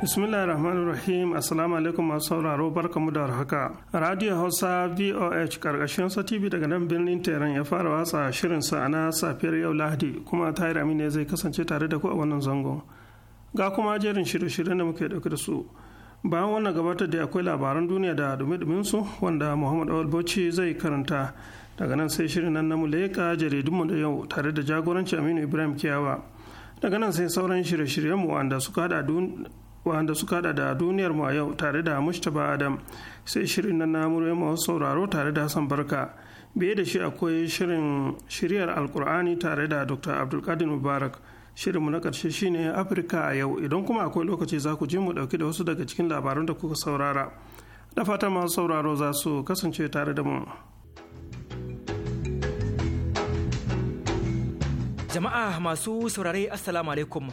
bismillah rahman rahim assalamu alaikum masu sauraro barkamu da haka radio hausa voh karkashin sa tv daga nan birnin tehran ya fara watsa shirin sa na safiyar yau lahadi kuma tahir amina zai kasance tare da ku a wannan zangon ga kuma jerin shirye-shiryen da muke dauke da su bayan wannan gabatar da akwai labaran duniya da dumi su wanda muhammad awal bauchi zai karanta daga nan sai shirin nan na muleka jaridunmu da yau tare da jagoranci aminu ibrahim kiyawa daga nan sai sauran shirye-shiryenmu wanda suka hada wanda suka hada da duniyar mu a yau tare da mustapha adam sai shirin na namurai masu sauraro tare da hassan barka biye da shi akwai shirin shiryar alkur'ani tare da dr abdulkadir mubarak shirinmu na karshe shine afirka a yau idan kuma akwai lokaci za ku ji mu ɗauki da wasu daga cikin labaran da kuka saurara da fata masu sauraro za su kasance tare da mu jama'a masu saurare assalamu alaikum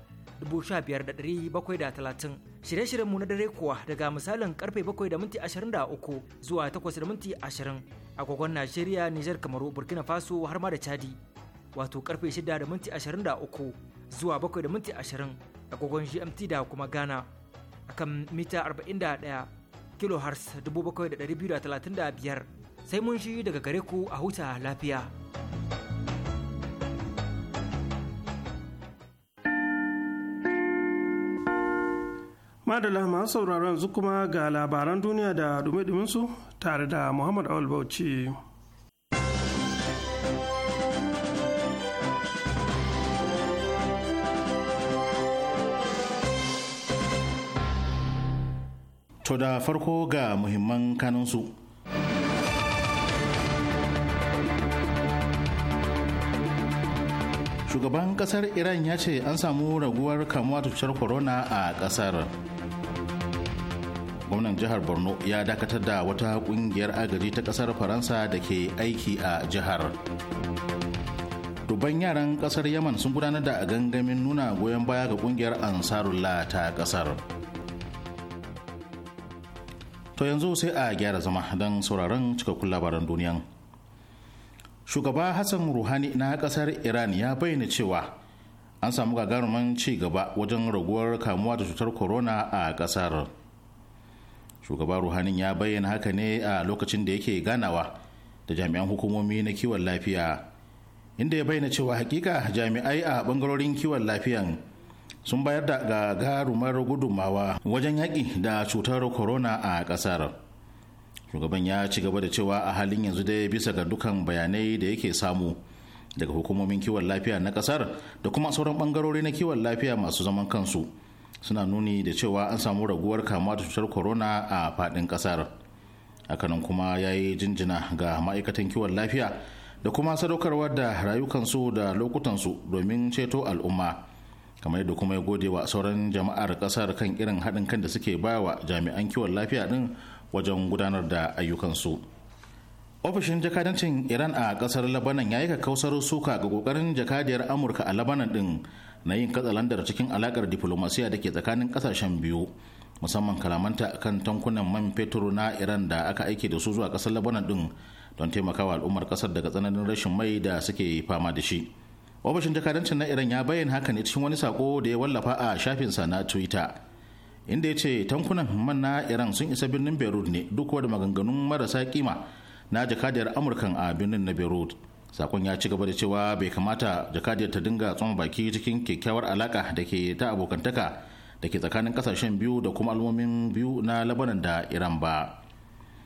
15730. Shirye-shiryenmu na dare kuwa daga misalin karfe 7:23 zuwa 820 a kogon Najeriya, Nijar, Kamaru, Burkina Faso har ma da Chadi. Wato karfe 6:23 zuwa 720 a kogon GMT da kuma Ghana. Akan mita 41 kilohertz 7235 sai mun shi daga gare ku a huta lafiya. madalla masu sauraron yanzu kuma ga labaran duniya da dume su tare da muhammad awal bauchi to da farko ga muhimman kanunsu shugaban kasar iran ya ce an samu raguwar kamuwa cutar corona a kasar gwamnan jihar borno ya dakatar da wata kungiyar agaji ta kasar faransa da ke aiki a jihar dubban yaran kasar yaman sun gudanar da gangamin nuna goyon baya ga kungiyar ansarullah ta kasar to yanzu sai a gyara zama don sauraron cikakkun labaran duniyan shugaba hassan ruhani na kasar iran ya bayyana cewa an samu gagarumin ci gaba wajen raguwar kamuwa da cutar corona a kasar shugaban ruhanin ya bayyana haka ne a lokacin da yake ganawa da jami'an hukumomi na kiwon lafiya inda ya bayyana cewa hakika jami'ai a bangarorin kiwon lafiyan sun bayar da gagarumar gudummawa wajen yaƙi da cutar corona a ƙasar shugaban ya ci gaba da cewa a halin yanzu dai bisa ga dukan bayanai da yake samu daga hukumomin kiwon lafiya na ƙasar da kuma sauran bangarori na kiwon lafiya masu zaman kansu suna nuni da cewa an samu raguwar kamuwa da cutar corona a fadin kasar. hakanan kuma ya yi jinjina ga ma'aikatan kiwon lafiya da kuma sadaukarwar da rayukansu da lokutansu domin ceto al'umma kamar yadda kuma ya gode wa sauran jama'ar kasar kan irin haɗin kan da suke wa jami'an kiwon lafiya ɗin wajen gudanar da ayyukansu. ofishin jakadancin iran a kasar labanan ya yi kakkausar suka ga ƙoƙarin jakadiyar amurka a labanan ɗin. na yin katsalandar cikin alakar diplomasiya da ke tsakanin kasashen biyu musamman kalamanta kan tankunan man fetur na iran da aka aiki da su zuwa kasar labanan din don taimakawa al'ummar kasar daga tsananin rashin mai da suke fama da shi ofishin jakadancin na iran ya bayyana haka ne cikin wani sako da ya wallafa a shafinsa na twitter inda ya ce tankunan man na iran sun isa birnin beirut ne duk wadda maganganun marasa kima na jakadiyar amurkan a birnin na beirut sakon ya ci gaba da cewa bai kamata jakadiyar ta dinga tsoma baki cikin kyakkyawar alaka da ke ta abokantaka da ke tsakanin kasashen biyu da kuma al'ummomin biyu na labanan da iran ba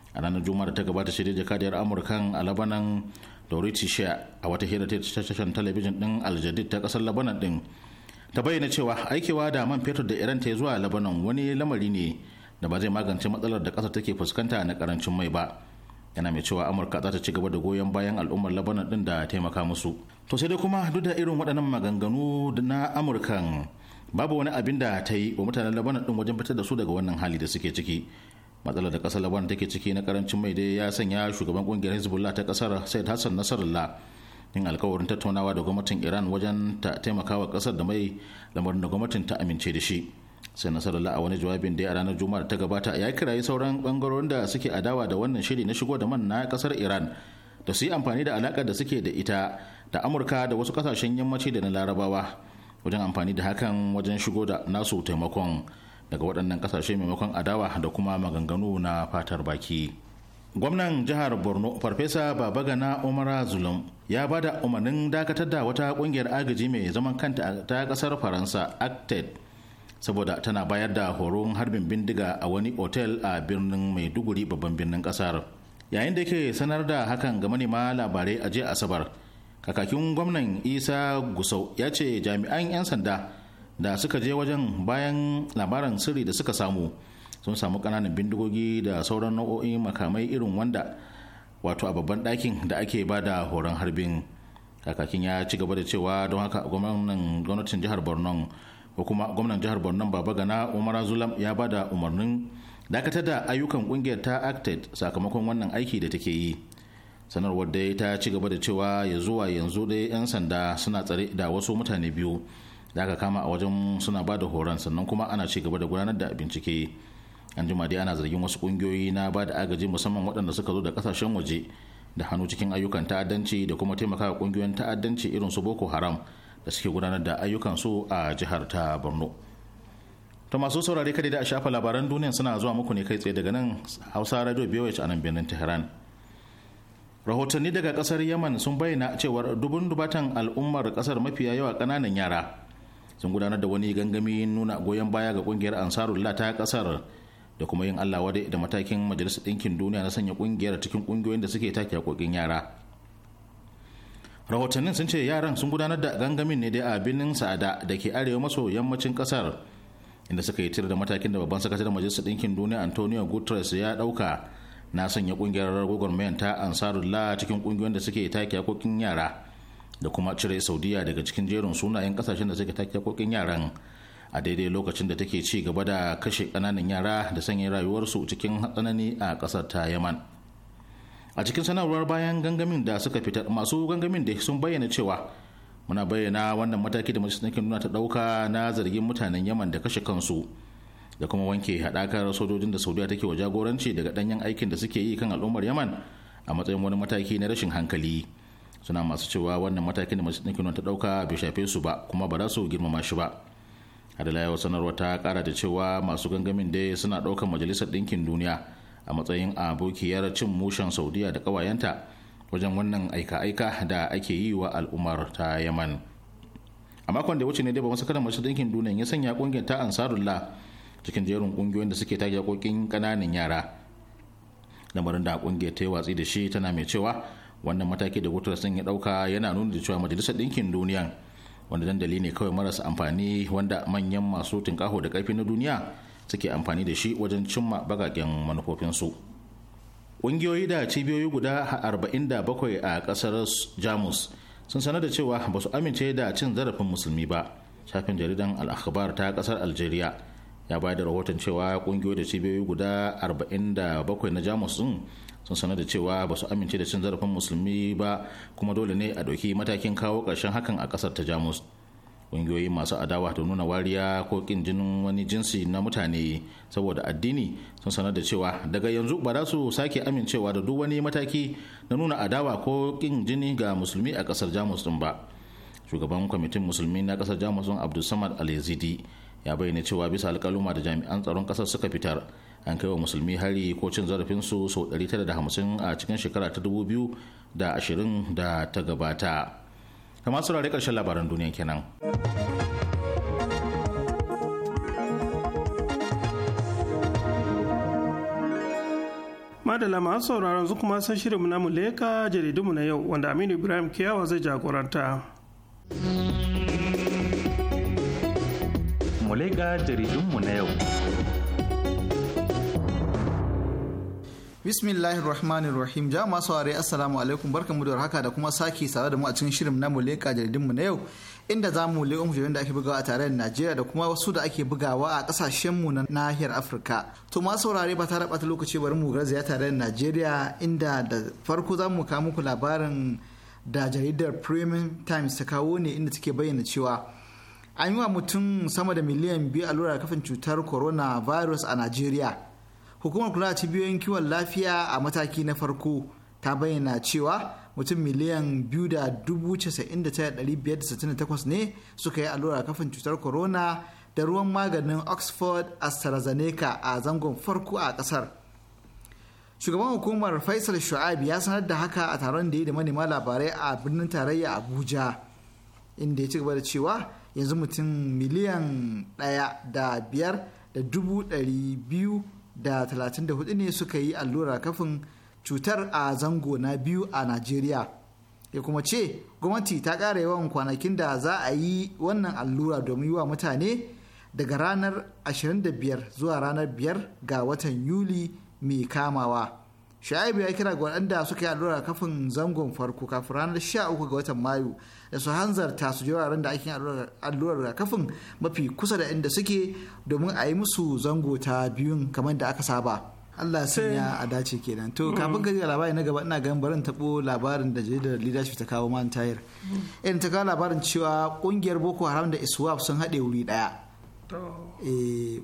a ranar juma'a da ta gabata shirya jakadiyar amurkan a labanan dorothy a wata hira ta tashar talabijin din aljadid ta kasar labanan din ta bayyana cewa aikewa da man fetur da iran ta zuwa labanan wani lamari ne da ba zai magance matsalar da kasar take fuskanta na karancin mai ba yana mai cewa amurka za ta ci gaba da goyon bayan al'ummar labanan din da taimaka musu to sai dai kuma duk da irin waɗannan maganganu na amurkan babu wani abin da ta yi wa mutanen labanan din wajen fitar da su daga wannan hali da suke ciki matsalar da kasar labanan take ciki na karancin mai dai ya sanya shugaban kungiyar hezbollah ta kasar said hassan nasarallah yin alkawarin tattaunawa da gwamnatin iran wajen ta taimaka wa kasar da mai lamarin da gwamnatin ta amince da shi sai nasarar a wani jawabin da ya ranar juma'ar ta gabata ya kirayi sauran bangarorin da suke adawa da wannan shiri na shigo da man na kasar iran da su yi amfani da alakar da suke da ita da amurka da wasu kasashen yammaci da na larabawa wajen amfani da hakan wajen shigo da nasu taimakon daga waɗannan kasashe maimakon adawa da kuma maganganu na fatar baki gwamnan jihar borno farfesa babagana umara zulum ya ba da umarnin dakatar da wata kungiyar agaji mai zaman kanta ta kasar faransa acted saboda tana bayar da horon harbin bindiga a wani otel a birnin maiduguri babban birnin kasar yayin da ke sanar da hakan ga manema labarai a jiya asabar kakakin gwamnan isa gusau ya ce jami'an 'yan sanda da suka je wajen bayan labaran sirri da suka samu sun samu kananan bindigogi da sauran nau'o'in makamai irin wanda wato a babban ɗakin da ake ba da horon harbin kakakin ya ci gaba da cewa don haka gwamnatin jihar borno ko kuma gwamnan jihar borno baba gana umar azulam ya ba da umarnin dakatar da ayyukan kungiyar ta acted sakamakon wannan aiki da take yi sanarwar dai ta ci gaba da cewa ya zuwa yanzu dai 'yan sanda suna tsare da wasu mutane biyu da aka kama a wajen suna ba da horon sannan kuma ana ci gaba da gudanar da bincike an jima dai ana zargin wasu kungiyoyi na ba da agaji musamman waɗanda suka zo da kasashen waje da hannu cikin ayyukan ta'addanci da kuma taimakawa kungiyoyin ta'addanci irin su boko haram da suke gudanar da ayyukan su a jihar ta borno to masu saurare kada da a shafa labaran duniya suna zuwa muku ne kai tsaye daga nan hausa radio biyu a nan birnin tehran rahotanni daga kasar yaman sun bayyana cewar dubun dubatan al'ummar kasar mafiya yawa kananan yara sun gudanar da wani gangami nuna goyon baya ga kungiyar ansarullah ta kasar da kuma yin allah wadai da matakin majalisar ɗinkin duniya na sanya kungiyar cikin kungiyoyin da suke take hakokin yara rahotannin sun ce yaran sun gudanar da gangamin ne dai a birnin sa'ada da ke arewa maso yammacin kasar inda suka yi tir da matakin da babban sakataren majalisar ɗinkin duniya antonio guterres ya ɗauka na sanya ƙungiyar mayan ta ansarullah cikin ƙungiyoyin da suke take hakokin yara da kuma cire saudiya daga cikin jerin sunayen kasashen da suke take hakokin yaran a daidai lokacin da take ci gaba da kashe kananan yara da sanya rayuwarsu cikin hatsanani a kasar ta yaman a cikin sanarwar bayan gangamin da suka fitar masu gangamin da sun bayyana cewa muna bayyana wannan mataki da majalisar ɗinkin nuna ta ɗauka na zargin mutanen yaman da kashe kansu da kuma wanke haɗakar sojojin da saudiya take wa jagoranci daga ɗanyen aikin da suke yi kan al'ummar yaman a matsayin wani mataki na rashin hankali suna masu cewa wannan matakin da majalisar ɗinkin ta ɗauka bai shafe su ba kuma ba za su girmama shi ba adala sanarwa ta kara da cewa masu gangamin dai suna ɗaukar majalisar ɗinkin duniya a matsayin abokiyar cin mushen saudiya da ƙawayenta wajen wannan aika-aika da ake yi wa al'ummar ta yaman a makon da wuce ne da ba masu dinkin duniya ya sanya kungiyar ta ansarullah cikin jerin kungiyoyin da suke tage kokin kananan yara lamarin da kungiyar ta yi watsi da shi tana mai cewa wannan mataki da gutar sun ya dauka yana nuna da cewa majalisar ɗinkin duniya wanda dandali ne kawai marasa amfani wanda manyan masu tunkaho da karfi na duniya suke amfani da shi wajen cimma bagagen manufofinsu ƙungiyoyi da cibiyoyi guda 47 a ƙasar jamus sun sanar da cewa ba su amince da cin zarafin musulmi ba shafin jaridan al'akhbar ta ƙasar algeria ya bayar da rahoton cewa ƙungiyoyi da cibiyoyi guda 47 na jamus sun sun sanar da cewa ba su amince da cin zarafin musulmi ba kuma dole ne a ɗauki matakin kawo ƙarshen hakan a ƙasar ta jamus kungiyoyi masu adawa da nuna wariya ko kin jinin wani jinsi na mutane saboda addini sun sanar da cewa daga yanzu ba za su sake amincewa da duk wani mataki na nuna adawa ko kin jini ga musulmi a kasar jamus din ba shugaban kwamitin musulmi na kasar jamus din abdulsamad al-yazidi ya bayyana cewa bisa alkaluma da jami'an tsaron kasar suka fitar an kai wa musulmi hari ko cin su sau 950 a cikin shekara ta 2020 da ta gabata. da masu rarrai ƙarshen labaran duniya kenan. Madala masu sauraron su kuma san shirinmu na Muleka jaridunmu na yau wanda Aminu Ibrahim Kiyawa zai jagoranta. Muleka jaridunmu na yau. Bismillahi rahmanir rahim ja masu ware assalamu alaikum barkanmu da haka da kuma sake saurare da mu a cikin shirin na leƙa jaridinmu na yau inda za mu leƙa mujallar da ake bugawa a tarayyar Najeriya da kuma wasu da ake bugawa a kasashen mu na nahiyar Afirka. To ma saurare ba ta rabata lokaci bari mu garzaya tarayyar Najeriya inda da farko za mu kawo muku labarin da jaridar Premium Times ta kawo ne inda take bayyana cewa an yi wa mutum sama da miliyan biyu allurar kafin cutar coronavirus a Najeriya. hukumar kula da cibiyoyin kiwon lafiya a mataki na farko ta bayyana cewa mutum miliyan biyu ne suka yi allura kafin cutar corona da ruwan maganin oxford astrazeneca a zangon farko a ƙasar shugaban hukumar faisal Shu'aib ya sanar da haka a taron da ya da manema labarai a birnin tarayya abuja inda ya ci gaba da cewa yanzu mutum miliyan ɗaya da biyar da dubu da 34 ne suka yi allura kafin cutar a zango na biyu a najeriya ya kuma ce gwamnati ta ƙara yawan kwanakin da za a yi wannan allura domin yi wa mutane daga ranar 25 zuwa ranar 5 ga watan yuli mai kamawa shaibu ya kira ga waɗanda suka yi allura kafin zangon farko kafin ranar 13 ga watan mayu da su hanzarta su je wuraren da ake allurar kafin mafi kusa da inda suke domin a yi musu zango ta biyun kamar da aka saba Allah ya a dace kenan to mm. kafin gari ga labari na gaba ina ganin barin tabo labarin da jaridar leadership ta kawo man tayar in mm. eh, ta kawo labarin cewa kungiyar boko haram da iswap sun haɗe wuri ɗaya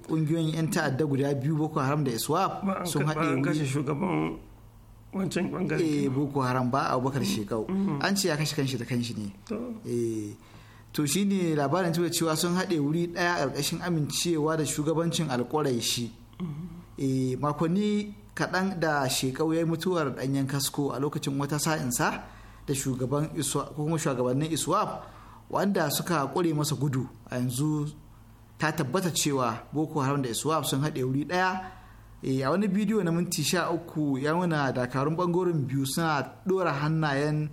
kungiyoyin eh, 'yan ta'adda guda biyu boko haram da iswap sun haɗe wuri shugaban wancan bangare eh boko haram ba abubakar mm. shekau mm. an ce ya kashe kanshi da kanshi ne eh to shine labarin tuba cewa sun haɗe wuri ɗaya ƙarƙashin amincewa da shugabancin alƙwarai shi mm-hmm. eh makonni kaɗan da shekau ya yi mutuwar ɗanyen kasko a lokacin wata sa'insa da shugaban kuma shugabannin iswap wanda suka ƙure masa gudu a yanzu ta tabbata cewa boko haram da iswap sun haɗe wuri ɗaya Eh, a wani bidiyo na minti sha uku ya nuna dakarun bangorin biyu suna dora hannayen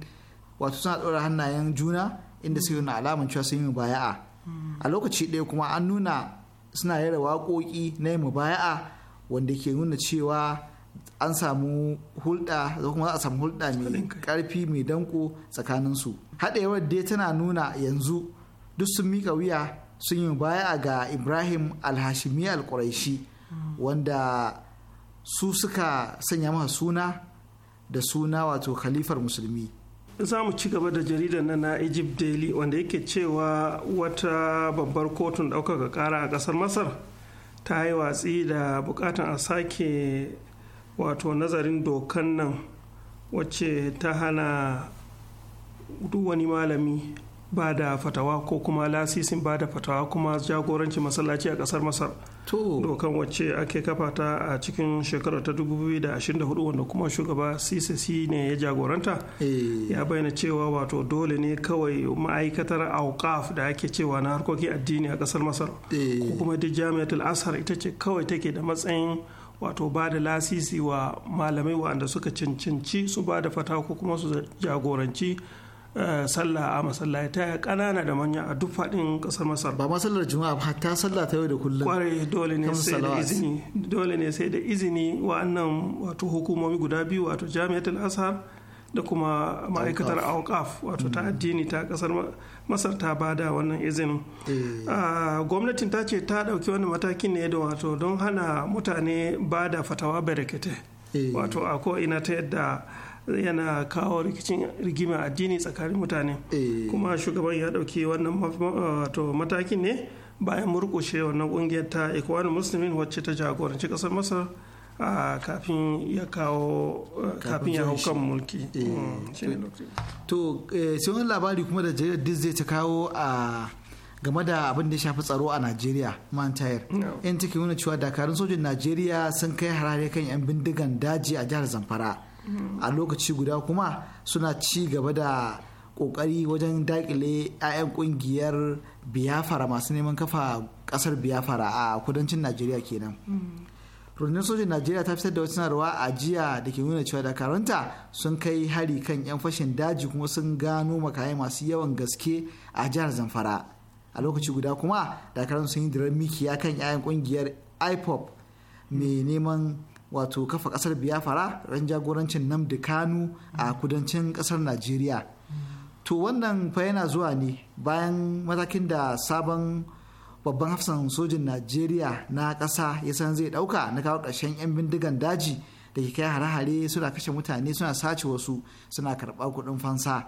wato suna dora hannayen juna inda suke nuna alamun cewa sun yi baya'a. a lokaci ɗaya kuma an nuna suna yara waƙoƙi na yin baya'a wanda ke nuna cewa an samu hulɗa da kuma za a samu hulɗa mai ƙarfi mai danko tsakaninsu haɗewar dai tana nuna yanzu duk sun mika wuya sun yi baya ga ibrahim alhashimi alƙuraishi wanda su suka sanya masa suna da suna wato khalifar musulmi za mu ci gaba da jaridar nan na egypt daily wanda yake cewa wata babbar kotun ɗaukaka ƙara a ƙasar masar ta yi watsi da buƙatan a sake wato nazarin dokan nan wacce ta hana duk wani malami ba da fatawa ko kuma lasisin ba da fatawa kuma jagoranci masallaci a kasar masar dokan wacce ake kafa ta a cikin shekarar ta 2024 wanda kuma shugaba ccc ne ya jagoranta eh. ya bayyana cewa wato dole ne kawai ma'aikatar auqaf da ake cewa na harkokin addini a kasar masar eh. ko kuma duk jami'atul ashar ita ce kawai take da matsayin wato ba da lasisi wa malamai waɗanda suka cancanci su ba da fatawa ko kuma su jagoranci Eh, sallah a masallata kanana da manya a duk faɗin ƙasar masar ba masallar juma'a ba ta sallah ta yau da kullum kwarai dole ne sai da izini dole ne sai da izini wa'annan wato hukumomi guda biyu wato jami'atul azhar da kuma ma'aikatar awqaf wato ta mm. addini ta ƙasar masar ta bada wannan izinin eh. ah, gwamnatin ta ce ta ɗauki wani matakin ne da wato don hana mutane bada fatawa barakate eh. wato a ko ina ta yadda yana kawo rikicin rigima addini tsakanin mutane eh. kuma shugaban ya dauki wannan matakin ne bayan murkushe wannan kungiyar ta ikwani musulmin wacce ta jagoranci kasar masar kafin ya kawo kafin ya hau kan mulki eh. mm, to eh, sai wani labari kuma da jaridar disney ta kawo a game da abin da ya shafi tsaro a najeriya mantayar yan take nuna cewa dakarun sojin najeriya sun kai harare kan yan bindigan daji a jihar zamfara a lokaci guda kuma suna ci gaba da kokari wajen dakile 'ya'yan kungiyar biyafara masu neman kafa kasar biyafara a kudancin najeriya kenan rundunar sojin najeriya ta fitar da wata sanarwa a jiya da ke nuna cewa dakaranta sun kai hari kan 'yan fashin daji kuma sun gano makaya masu yawan gaske a jihar zamfara a lokaci guda kuma dakaran sun yi diran mikiya kan 'ya'yan kungiyar ipop mai neman wato kafa kasar biafra ran jagorancin namdi kanu a kudancin kasar najeriya to wannan fa yana zuwa ne bayan matakin da sabon babban hafsan sojin najeriya na kasa ya san zai dauka na kawo ƙarshen 'yan bindigan daji da ke kai hare-hare suna kashe mutane suna sace wasu suna karɓa kudin fansa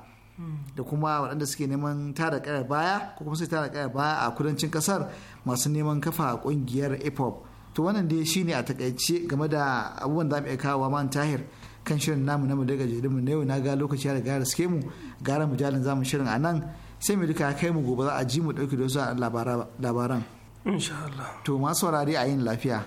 da kuma waɗanda suke neman tara ƙayar baya ko kuma suke tara ƙayar baya a kudancin kasar masu neman kafa ƙungiyar ipop to wannan dai ne a takaice game da abubuwan da mu iya kawo man tahir kan shirin namu na mu daga mu na yau na ga lokaci ya riga suke mu gara mu jalin zamu shirin a nan sai mu duka kai mu gobe za a ji mu dauki da wasu labaran insha Allah to masu saurare a yin lafiya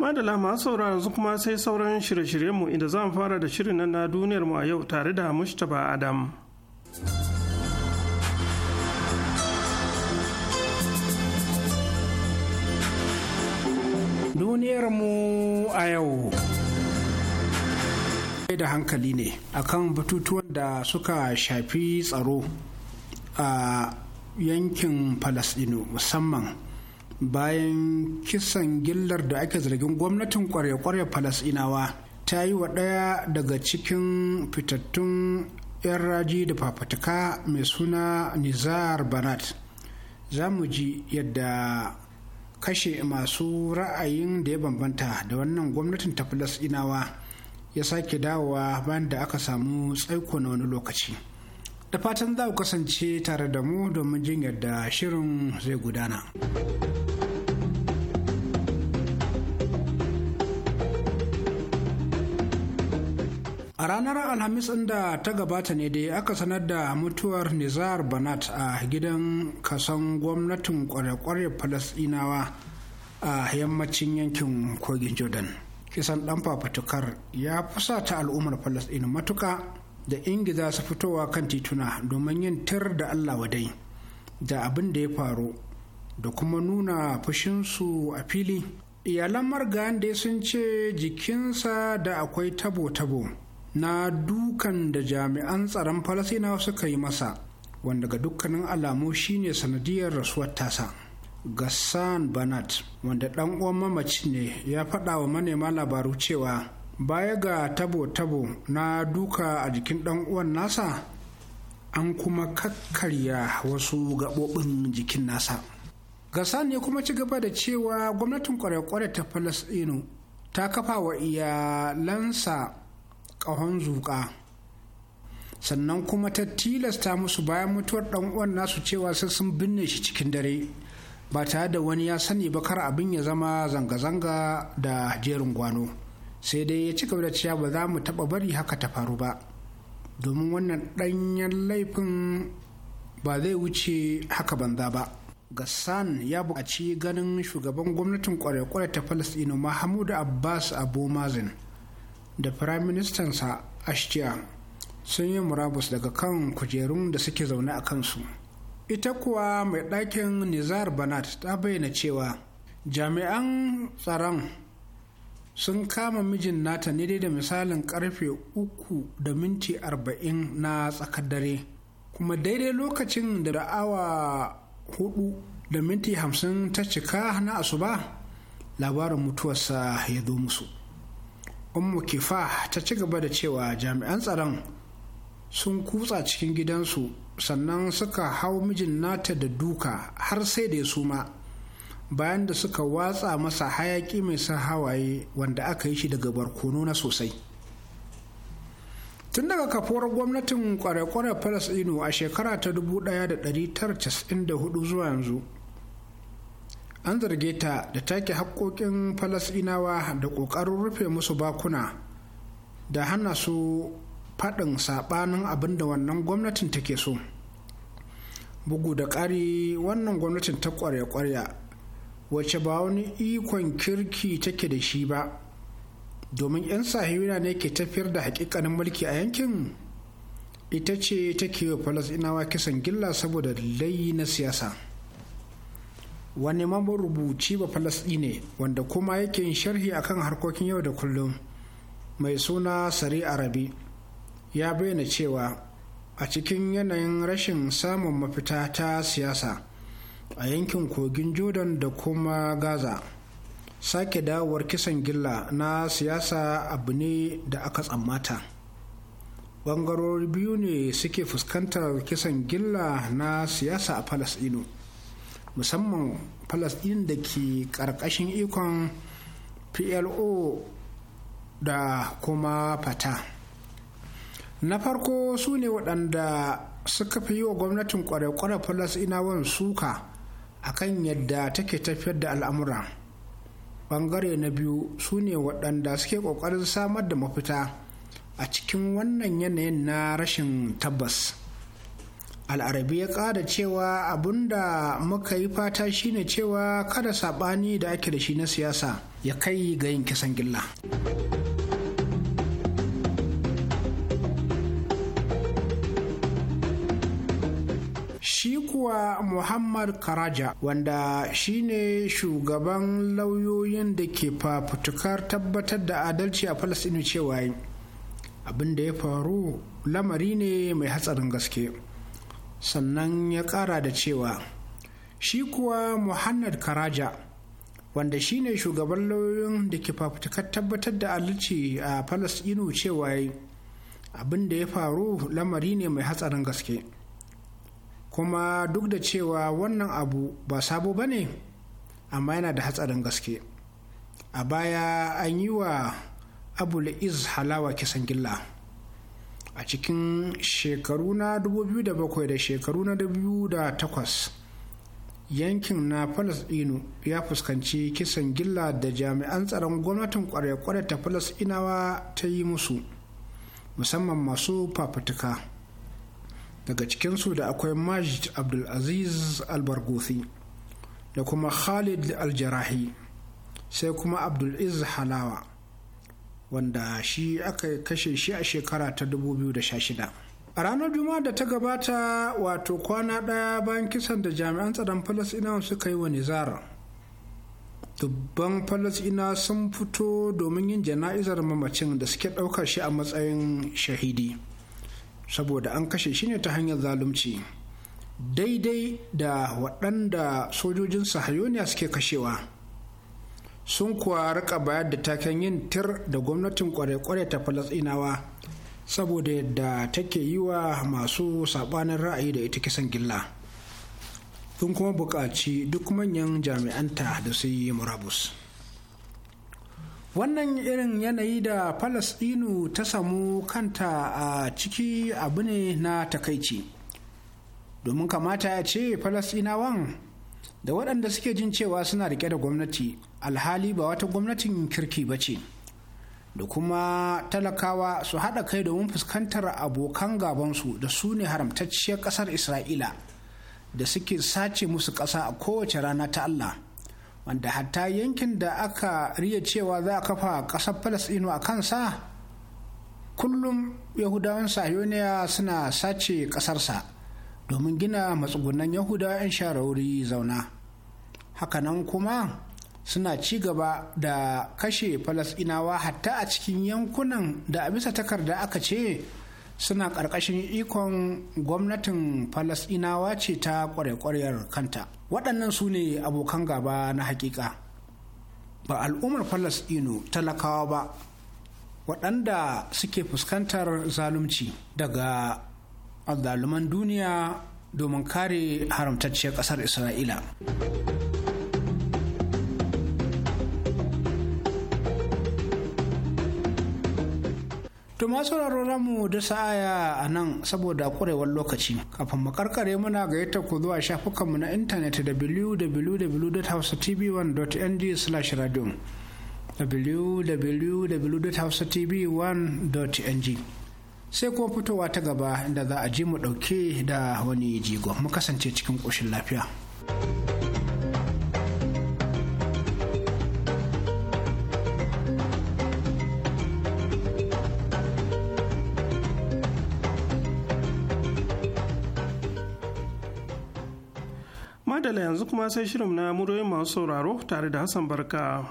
madala masu sauraro kuma sai sauran shirye-shiryenmu inda zan fara da shirin nan na duniyarmu mu a yau tare da mustapha adam duniyar a yau Sai da hankali ne akan batutuwan da suka shafi tsaro a yankin falasɗinu musamman bayan kisan gillar da ake zargin gwamnatin kwarya-kwarya falasinawa ta yi wa ɗaya daga cikin fitattun 'yan raji da fafatuka mai suna nizar banat za mu ji yadda kashe masu ra'ayin da ya bambanta da wannan gwamnatin ta falasinawa ya sake dawowa bayan da aka samu tsaiko na wani lokaci da fatan za ku kasance tare da mu domin jin yadda shirin zai gudana. a ranar alhamis da ta gabata ne dai aka sanar da mutuwar nizar banat a gidan kasan gwamnatin kware-kware falasdinawa a yammacin yankin kogin jordan kisan dan fafutukar ya fusata al'ummar falasdin matuka da ingiza su fitowa kan tituna domin yin tir da allah wadai da abin da ya faru da kuma nuna fushinsu a fili iyalan margayan dai sun ce jikinsa da akwai tabo-tabo na dukan da jami'an tsaron falasinawa suka yi masa wanda ga dukkanin alamu shine sanadiyar rasuwar tasa gassan banat wanda dan uwan mamaci ne ya faɗa wa manema labaru cewa baya ga tabo-tabo na duka a jikin dan uwan nasa an kuma kakkarya wasu gaɓoɓin jikin nasa gassan ya kuma ci gaba da cewa gwamnatin kware ta falasɗinu ta kafa wa iyalansa ƙahon zuƙa sannan kuma ta tilasta musu bayan mutuwar ɗan uwan nasu cewa sai sun binne shi cikin dare ba tare da wani ya sani ba kar abin ya zama zanga-zanga da jerin gwano sai dai ya ci gaba da cewa ba za mu taɓa bari haka ta faru ba domin wannan ɗanyen laifin ba zai wuce haka banza ba gassan ya buƙaci ganin shugaban gwamnatin ƙwarar ta falasɗinu mahamudu abbas abu mazin da firaministansa ashtiya sun yi murabus daga kan kujerun da suke zaune a kansu ita kuwa mai ɗakin nizar banat ta bayyana cewa jami'an tsaron sun kama mijin nata ne da misalin karfe uku da minti arba'in na tsakar dare kuma daidai lokacin da awa huɗu da minti hamsin ta cika na asuba labarin mutuwarsa ya zo musu ummu kifa ta ci gaba da cewa jami'an tsaron sun kutsa cikin gidansu sannan suka hau mijin nata da duka har sai da ya suma bayan da suka watsa masa hayaki mai sa hawaye wanda aka yi shi daga barkono na sosai tun daga kafuwar gwamnatin kware-kware falasɗinu a shekara ta 1994 zuwa yanzu an zarge ta da take haƙƙoƙin falasɗinawa da ƙoƙarin rufe musu bakuna da hana su faɗin saɓanin abin da wannan gwamnatin take so bugu da ƙari wannan gwamnatin ta ƙwarya-ƙwarya wacce ba wani ikon kirki take da shi ba domin 'yan sahiyuna ne ke tafiyar da hakikanin mulki a yankin ita ce take yi wa falasɗinawa kisan gilla saboda layi na siyasa. wani rubuci ba ne wanda kuma yake yin sharhi kan harkokin yau da kullum mai suna sari arabi ya bayyana cewa a cikin yanayin rashin samun mafita ta siyasa a yankin kogin jordan da kuma gaza sake dawowar kisan gilla na siyasa abu ne da aka tsammata ɓangarori biyu ne suke fuskantar kisan gilla na siyasa a falasɗinu musamman falasɗin da ke ƙarƙashin ikon plo da kuma fata na farko su ne waɗanda suka fi yi wa gwamnatin kware-kware falasɗinawan suka akan yadda take tafiyar da al'amura ɓangare na biyu su ne waɗanda suke ƙoƙarin samar da mafita a cikin wannan yanayin na rashin tabbas. al'arabi ya ƙara cewa abinda muka yi fata shine cewa kada saɓani da ake da shi na siyasa ya kai ga yin kisan gilla shi kuwa muhammad karaja wanda shine shugaban lauyoyin da ke fafutukar tabbatar da adalci a falasɗinu cewa abin da ya faru lamari ne mai hatsarin gaske sannan ya ƙara da cewa shi kuwa muhammad karaja wanda shi ne shugaban lauyoyin da ke fafutukar tabbatar da alici a falasɗinu cewa abin da ya faru lamari ne mai hatsarin gaske kuma duk da cewa wannan abu ba sabo ba ne amma yana da hatsarin gaske a baya an yi wa abu iz halawa kisan gilla a cikin shekaru na 2007 da shekaru na 2008 yankin na falasɗinu ya fuskanci kisan gilla da jami'an tsaron gwamnatin kware ta falasɗinawa ta yi musu musamman masu fafutuka daga cikinsu da akwai majid abdulaziz albargosi da kuma khalid aljarahi sai kuma AbdulIz halawa wanda shi aka kashe shi a shekara ta 2016 a ranar juma'a da ta gabata wato kwana ɗaya bayan kisan da jami'an tsaron falasina suka yi wa nizar dubban falasɗina sun fito domin yin jana'izar mamacin da suke ɗaukar shi a matsayin shahidi saboda an kashe shi ne ta hanyar zalunci daidai da waɗanda sojojin sahayoniya suke kashewa sun kuwa rika bayar da taken yin tir da gwamnatin kware-kware ta falasinawa saboda yadda take yi wa masu sabanin ra'ayi da ita kisan gilla sun kuma buƙaci duk manyan jami'anta da su yi murabus wannan irin yanayi da falasɗinu ta samu kanta a ciki abu ne na takaici domin kamata ya ce falasɗinawan da waɗanda suke jin cewa suna riƙe da gwamnati alhali ba wata gwamnatin kirki ba ce da kuma talakawa su haɗa kai domin fuskantar abokan gabansu da su ne haramtacciyar ƙasar isra'ila da suke sace musu ƙasa a kowace rana ta allah wanda hatta yankin da aka riya cewa za a kafa ƙasar falasɗinu a kansa kullum yahudawan sahiyoniya suna sace ƙasarsa domin gina matsugunan yahudawa 'yan shararuri zauna hakanan kuma suna ci gaba da kashe falasinawa hatta a cikin yankunan da a bisa takarda aka ce suna ƙarƙashin ikon gwamnatin falasinawa ce ta ƙwarƙwariyar kanta waɗannan su ne abokan gaba na hakika ba al'ummar falasino talakawa ba waɗanda suke fuskantar zalunci daga azzaluman duniya domin kare haramtacciyar ƙasar isra'ila To masu mu da sa'aya a nan saboda kurewar lokaci. Kafin mu karkare muna yadda ku zuwa shafukanmu na intanet www.hausatv1.ng/radio www.hausatv1.ng sai kuma fitowa ta gaba da za a ji mu ɗauke da wani jigo mu kasance cikin ƙoshin lafiya. Madala yanzu kuma sai shirin na muryoyin masu sauraro tare da Hassan Barka.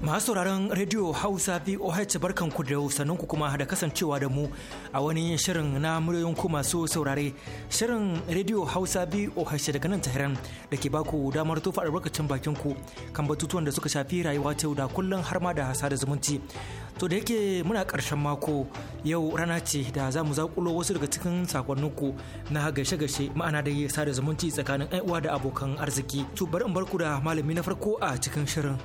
Masu sauraron Radio Hausa VOH ku da ku kuma da kasancewa da mu a wani shirin na muryoyin ku masu saurare. Shirin Radio Hausa VOH daga nan Tahiran da ke baku damar tofa albarkacin bakin ku kan batutuwan da suka shafi rayuwa ta yau da kullum har ma da hasa zumunci. To da yake muna karshen mako yau rana ce da za mu zakulo wasu daga cikin ku na gashe-gashe ma'ana da sada zumunci tsakanin uwa da abokan arziki. To bari in barku da malami na farko a cikin shirin.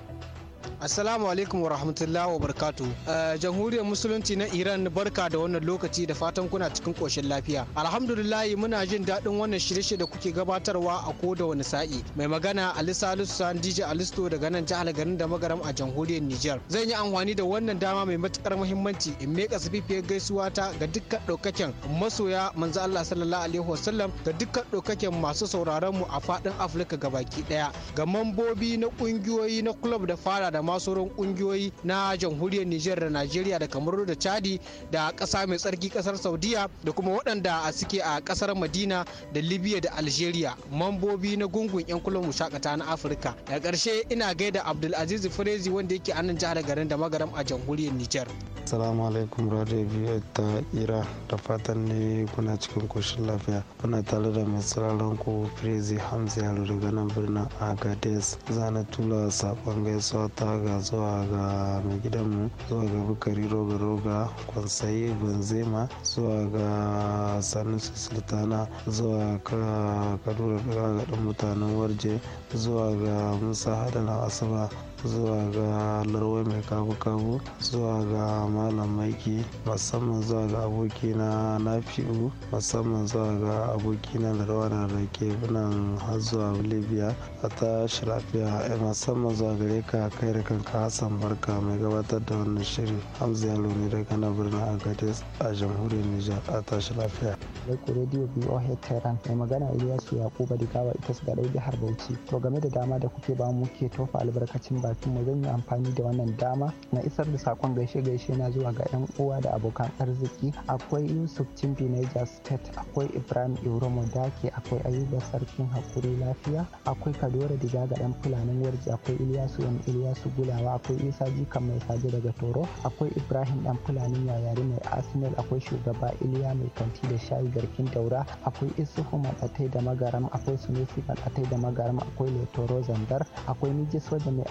Assalamu alaikum wa rahmatullahi wa barkatu. Eh, jamhuriyar Musulunci na Iran barka da wannan lokaci da fatan kuna cikin koshin lafiya. Alhamdulillah muna jin daɗin wannan shirye-shirye da kuke gabatarwa a ko da wani sa'i. Mai magana Ali Salisu San DJ Alisto daga nan jihar garin da magaram a Jamhuriyar Nijar. Zan yi amfani da wannan dama mai matukar muhimmanci in mika sififiyar gaisuwa ta ga dukkan ɗaukaken masoya manzo Allah sallallahu alaihi wasallam ga dukkan ɗaukaken masu sauraron mu a faɗin Afirka gabaki ɗaya. Ga mambobi na ƙungiyoyi na club da fara da masoron kungiyoyi na jamhuriyar Nijar da Najeriya da Kamaru da Chadi da ƙasa mai tsarki ƙasar Saudiya da kuma waɗanda suke a ƙasar Madina da Libya da Algeria mambobi na gungun 'yan kulon mushakata na Afirka. Da karshe ina gaida Abdulaziz Firezi wanda yake a nan jihar garin da magaram a jamhuriyar Nijar. Assalamu alaikum Radio Biyu ta Ira da fatan ne kuna cikin koshin lafiya. Kuna tare da mai tsararren ku Firezi Hamza Yaro daga nan birnin Agadez. Zana tula saƙon gaisuwa ta taga zuwa ga mai gidanmu zuwa ga bukari roga roga kwansaye benzema zuwa ga sanusi sultana zuwa ga kadura ga mutanen warje zuwa ga musa hadana asuba zuwa ga larwai mai kabu-kabu zuwa ga malam maiki musamman zuwa ga abokina nafi'u musamman zuwa ga abokina larwa da rake nan har zuwa libya a ta shirafiya musamman zuwa gare ka kai da kanka hassan barka mai gabatar da wannan shirin hamza yalo ne daga na birnin agades a jamhuriyar nijar a tashi lafiya da ku radio BOH Tehran mai magana Ilyasu Yakuba Digawa ita su gaɗau jihar Bauchi. To game da dama da kuke ba mu ke tofa albarkacin bakin mu zan yi amfani da wannan dama na isar da sakon gaishe gaishe na zuwa ga yan uwa da abokan arziki akwai Yusuf Cimbi Niger State akwai Ibrahim Iromo Dake akwai Ayuba Sarkin Hakuri Lafiya akwai Kadora Diga ga ɗan Fulanin Warji akwai Ilyasu yan Ilyasu Gulawa akwai Isa Jikan mai saje daga Toro akwai Ibrahim ɗan Fulanin Yayari mai Arsenal akwai shugaba Iliya mai kanti da shayi garkin daura akwai isuhu maɗatai da magaram akwai sunusi maɗatai da magaram akwai letoro zandar akwai miji soja mai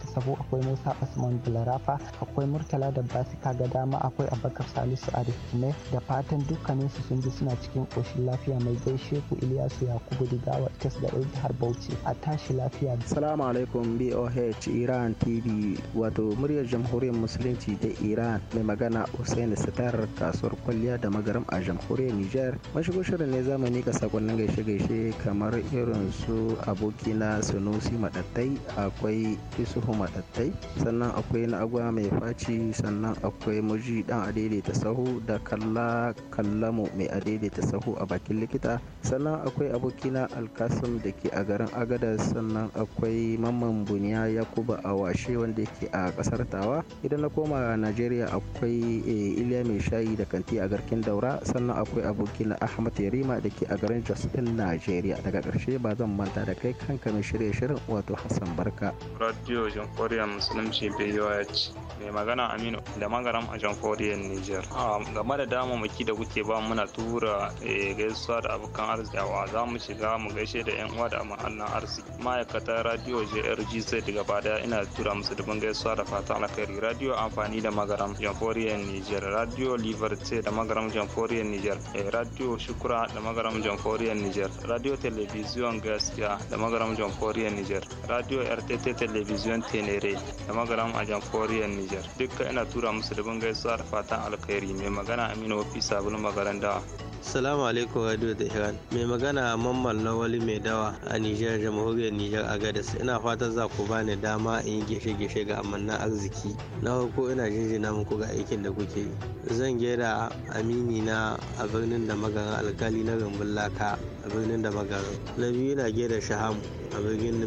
ta sabo akwai musa usman bularafa akwai murtala da basika ga dama akwai abakar salisu a arifime da fatan dukkaninsu sun ji suna cikin koshin lafiya mai gaishe ku iliyasu yakubu digawa kes da ɗauki har bauchi a tashi lafiya. salamu alaikum boh iran tv wato muryar jamhuriyar musulunci ta iran mai magana usaini sitar kasuwar kwalliya da magaram a jamhuriyar niger bayar mashigo shirin ne za mu mika sakonnin gaishe-gaishe kamar irin su abokina sunusi madattai akwai isuhu madattai sannan akwai na agwa mai faci sannan akwai muji dan adaidaita sahu da kalla kallamu mai adaidaita sahu a bakin likita sannan akwai abokina alkasim da ke a garin agada sannan akwai mamman buniya yakuba a washe wanda ke a kasar tawa idan na koma najeriya akwai eh, iliya mai shayi da kanti a garkin daura sannan akwai abokina. wakilin ahmad yarima da ke a garin jos din najeriya daga ƙarshe ba zan manta da kai kanka mai shirye shirin wato hassan barka radio jamhuriyar musulunci mai magana aminu da magaram a jamhuriyar niger game da dama maki da kuke ba muna tura eh, gaisuwa da abokan arziki a za mu shiga mu gaishe da yan uwa da ma'anan arziki ma'aikatan radio jrg daga bada ina tura musu dubin gaisuwa da fata alkhairi radio amfani da magaram jamhuriyar niger radio Liberty da magaram jamhuriyar niger eh, radio shukura da magaram jamhuriyar Nijar radio television gaskiya da magaram jamhuriyar niger radio rtt television tenere da magaram a jamhuriyar niger dukkan ina tura musu da gaisuwa da fatan alkhairi mai magana aminu wafi sabulu magaran dawa Salamu alaikum Radio Iran, Mai magana Mamman Lawali Mai Dawa a Nijar Jamhuriyar Nijar a Gadas. Ina fatan za ku bani dama in yi gishe-gishe ga amannan arziki. Na farko ina jinjina muku ga aikin da kuke Zan gera amini na a birnin da magaran alkali na rumbun laka a birnin da magaran na biyu yana da shaham a birnin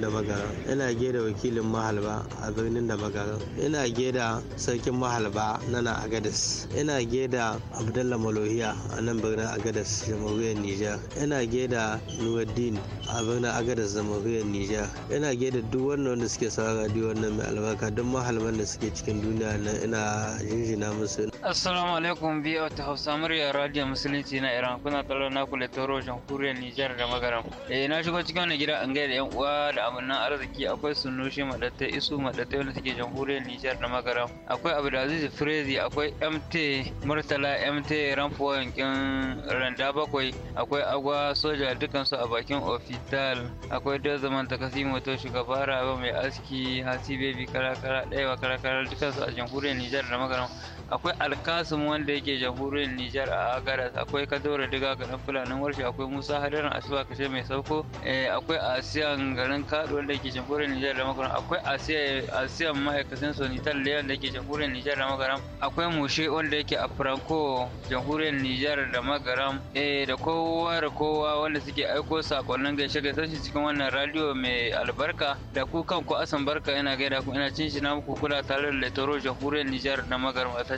da magaran yana da wakilin mahalba a birnin da magaran yana da sarkin mahalba na na agadas yana gaida abdalla malohiya a nan birnin agadas jamhuriyar nijar yana gaida nuwaddin a birnin agadas jamhuriyar nijar yana gaida duk wannan wanda suke saurara radio wannan mai albarka don mahalman da suke cikin duniya na ina jinjina musu assalamu alaikum biyu ta hausa murya radio musu musulunci na iran kuna tsaro na kula toro jamhuriyar nijar da magaram eh na shigo cikin wani gida an gaida yan uwa da amannan arziki akwai sunushi madatta isu madatta wanda suke jamhuriyar nijar da magaram akwai abdulaziz frezi akwai mt murtala mt ramfuwa yankin randa bakwai akwai agwa soja dukansu a bakin ofital akwai da zaman kasi moto shugaba rabe mai aski hasi baby kala kara ɗaya kala kala dukansu a jamhuriyar nijar da magaram akwai alkasum wanda yake jamhuriyar nijar a agaras akwai Kadore diga garin fulanin warshe akwai musa hadarin asuba kashe mai sauko eh, akwai asiyan garin kado wanda yake jamhuriyar nijar da magaram. akwai asiyan ma'aikatan sonital leon da yake jamhuriyar nijar da magaram. akwai mushe wanda yake a franco jamhuriyar nijar da magaram eh, da kowa da kowa wanda suke aiko sakonnin gaishe gaishe sashi cikin wannan radio mai albarka da ku kanku asan barka yana gaida ku ina cin shi na muku kula tare da letoro jamhuriyar nijar da magaram a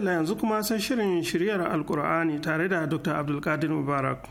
madalla yanzu kuma sai shirin shiryar alkur'ani tare da dr abdulkadir mubarak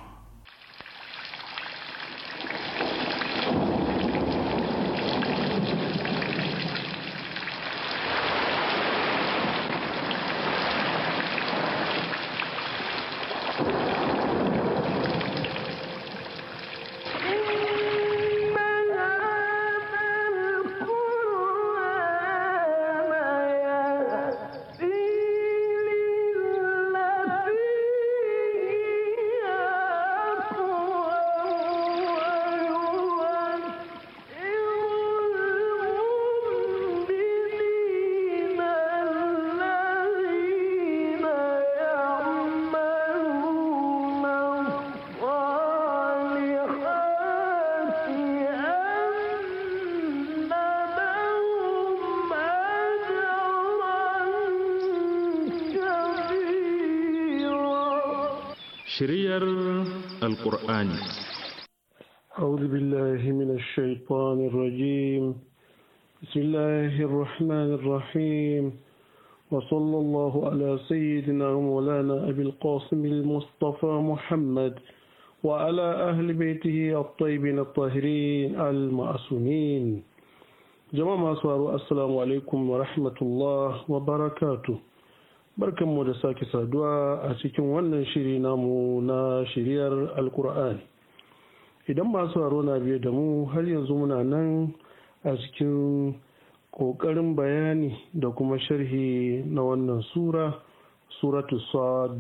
شرير القرآن أعوذ بالله من الشيطان الرجيم بسم الله الرحمن الرحيم وصلى الله على سيدنا مولانا أبي القاسم المصطفى محمد وعلى أهل بيته الطيبين الطاهرين المعصومين جماعة السلام عليكم ورحمة الله وبركاته barkanmu da sake saduwa a cikin wannan shiri namu na shiriyar alkur'ani idan masu haro na biye da mu har yanzu muna nan a cikin ƙoƙarin bayani da kuma sharhi na wannan sura suratu sad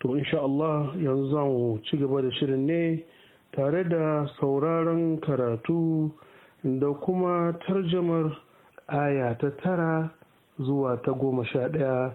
to insha Allah yanzu za mu ci gaba da shirin ne tare da sauraron karatu da kuma tarjamar aya ta tara zuwa ta goma sha ɗaya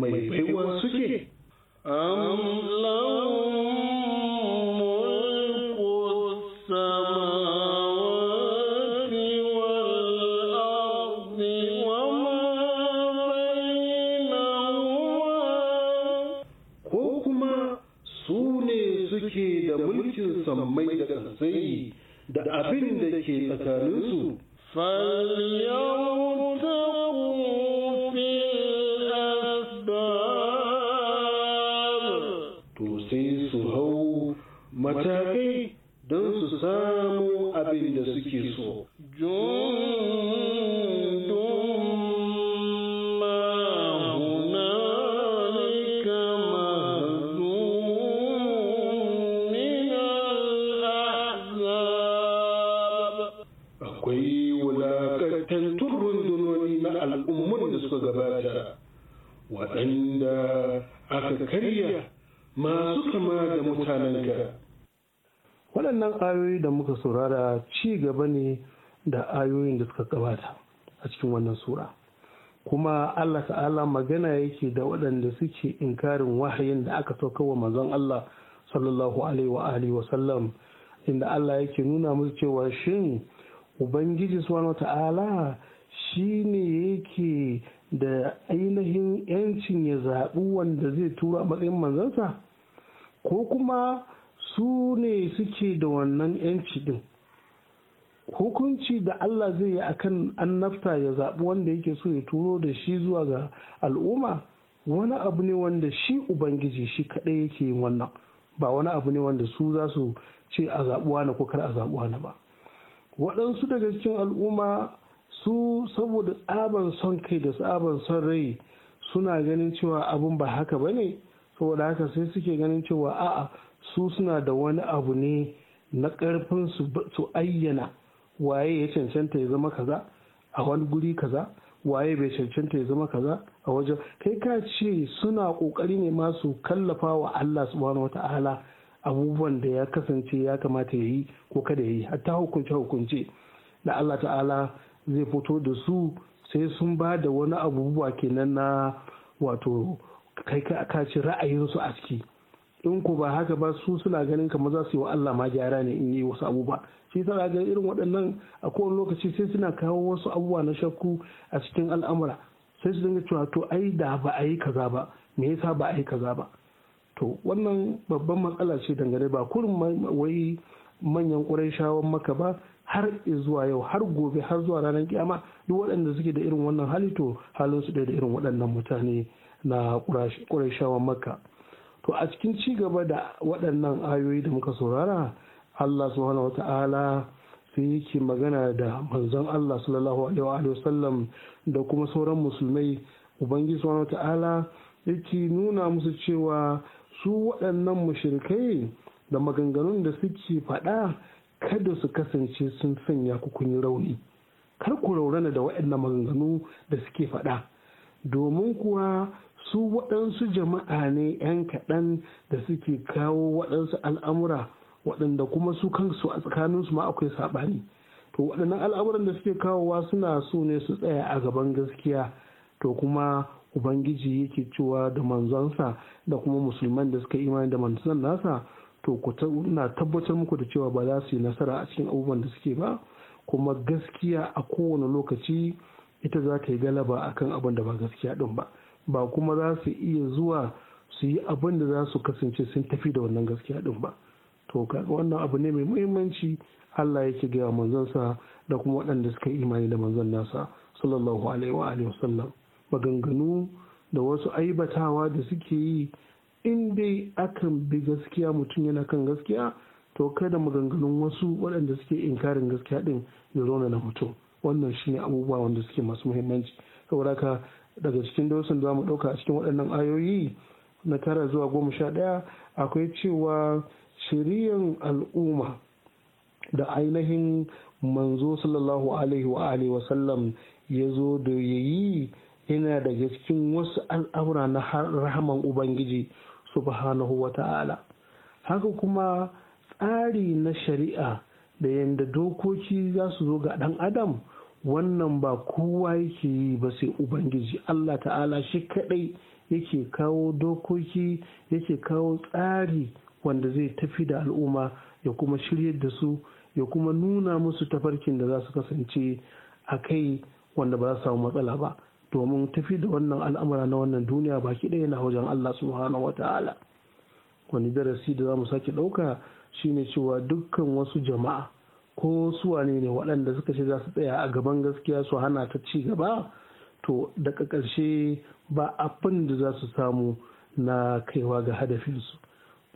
mai baiwa suke am Ko kuma su ne suke da mulkin sammai da ƙasai da abin da ke tsakaninsu. Falyau sura kuma Allah ta'ala magana yake da waɗanda suke inkarin wahayin da aka sauka wa manzon Allah sallallahu alaihi wa alihi wa sallam inda Allah yake nuna musu cewa shin ubangiji subhanahu ta'ala shine yake da ainihin yancin ya zaɓi wanda zai tura matsayin manzansa ko kuma su ne suke da wannan yanci din hukunci da Allah zai yi akan annabta ya zaɓi wanda yake so ya turo da shi zuwa ga al'umma wani abu ne wanda shi ubangiji shi kaɗai yake yin wannan ba wani abu ne wanda su za su ce a zaɓuwa na ko kar a zaɓuwa na ba waɗansu daga cikin al'umma su saboda tsaban son kai da tsaban son rai suna ganin cewa abun ba haka ba ne saboda haka sai suke ganin cewa a'a su suna da wani abu ne na ƙarfin su ayyana waye ya cancanta ya zama kaza a wani guri kaza waye bai cancanta ya zama kaza a wajen kai ka ce suna kokari ne masu kallafa wa Allah subhanahu wata'ala abubuwan da ya kasance ya kamata ya yi ko kada ya yi hatta hukunce hukunce da Allah ta'ala zai fito da su sai sun ba da wani abubuwa kenan na wato kai ka ci ra'ayinsu a ciki in ku ba haka ba su suna ganin kamar za su yi wa Allah ma gyara ne in yi wasu abubuwa shi yasa ga irin waɗannan a kowane lokaci sai suna kawo wasu abubuwa na shakku a cikin al'amura sai su dinga cewa to ai da ba a yi kaza ba me yasa ba a yi kaza ba to wannan babban matsala ce dangane ba kurin wai manyan shawon maka ba har zuwa yau har gobe har zuwa ranar kiyama duk waɗanda suke da irin wannan hali to halin su da irin waɗannan mutane na ƙurayshawan maka. to a cikin ci gaba da waɗannan ayoyi da muka saurara Allah subhanahu ta'ala sai yake magana da manzon Allah sallallahu alaihi wasallam da kuma sauran musulmai ubangiji subhanahu ta'ala yake nuna musu cewa su waɗannan mushrikai da maganganun da suke faɗa kada su kasance sun sanya ku kun rauni kar ku raurana da waɗannan maganganu da suke faɗa domin kuwa su waɗansu jama'a ne 'yan kaɗan da suke kawo waɗansu al'amura waɗanda kuma su kansu a tsakaninsu ma akwai saɓani to waɗannan al'amuran da suke kawowa suna so ne su tsaya a gaban gaskiya to kuma ubangiji yake cewa da manzonsa da kuma musulman da suka imani da manzon nasa to ku na tabbatar muku da cewa ba za su yi nasara a cikin abubuwan da suke ba kuma gaskiya a kowane lokaci ita za ta yi galaba akan abin da ba gaskiya ɗin ba ba kuma za su iya zuwa su yi abin da za su kasance sun tafi da wannan gaskiya din ba to wannan abu ne mai muhimmanci Allah yake gaya sa da kuma waɗanda suka yi imani da manzon nasa sallallahu alaihi wa alihi wasallam maganganu da wasu aibatawa da suke yi in dai akan bi gaskiya mutum yana kan gaskiya to kada maganganun wasu waɗanda suke inkarin gaskiya din ya zauna na mutum wannan shine abubuwa wanda suke masu muhimmanci saboda haka daga cikin dosin za mu ɗauka a cikin waɗannan ayoyi na tara zuwa goma sha ɗaya akwai cewa shiriyan al'umma da ainihin manzo sallallahu alaihi wa alihi sallam ya zo da ya yi yana daga cikin wasu al'amura na rahaman ubangiji subhanahu wa ta'ala haka kuma tsari na shari'a da yadda dokoki za su zo ga ɗan adam wannan ba kowa yake yi ba sai ubangiji allah ta'ala shi kadai yake kawo dokoki yake kawo tsari wanda zai tafi da al'umma ya kuma shiryar da su ya kuma nuna musu tafarkin da za su kasance a kai wanda ba za su samu matsala ba domin tafi da wannan al'amura na wannan duniya baki ɗaya na wajen allah subhanahu wa ta'ala wani darasi da za mu sake ɗauka shine cewa dukkan wasu jama'a ko suwane ne waɗanda suka ce za su tsaya a gaban gaskiya su hana ta ci gaba to daga ƙarshe ba abin da za su samu na kaiwa ga hadafinsu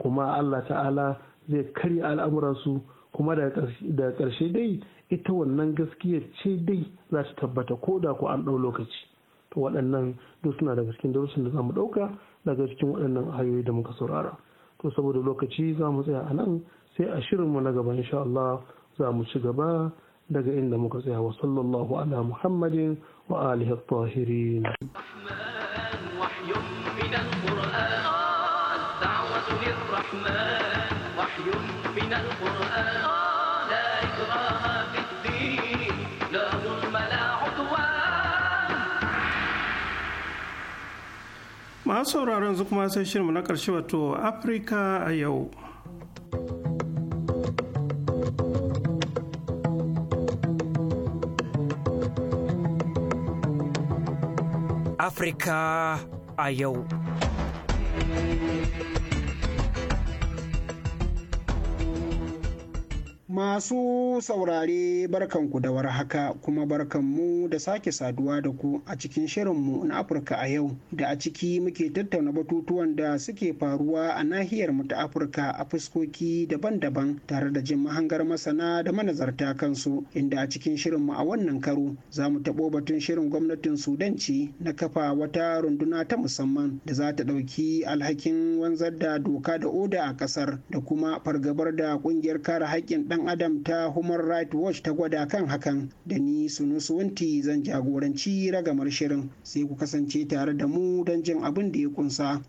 kuma allah ta'ala zai karya al'amuransu kuma da ƙarshe dai ita wannan gaskiya ce dai za ta tabbata ko da ku an ɗau lokaci to waɗannan duk suna daga cikin darussan da za mu ɗauka daga cikin waɗannan ayoyi da muka saurara to saboda lokaci za mu tsaya a nan sai a shirinmu na gaba insha Allah za mu ci gaba daga inda muka tsaya wa sallallahu ala muhammadin wa alihi tahirin masu sauraron zukuma sai shirinmu na ƙarshe wato afirka a yau Afirka a yau. Masu saurare barkanku da warhaka haka kuma barkanmu da sake saduwa da ku a cikin shirin mu na Afirka a yau da a ciki muke tattauna batutuwan da suke faruwa a nahiyar mu ta Afirka a fuskoki daban-daban tare da jin mahangar masana da manazarta kansu inda a cikin shirin mu a wannan karo za mu taɓo batun shirin gwamnatin Sudan ce na kafa wata runduna ta musamman da za ta ɗauki alhakin wanzar da doka da oda a ƙasar da kuma fargabar da ƙungiyar kare haƙƙin ɗan adam ta human rights watch ta gwada kan hakan da ni sunusuwanti zan jagoranci ragamar shirin sai ku kasance tare da mu don jin abin da ya kunsa.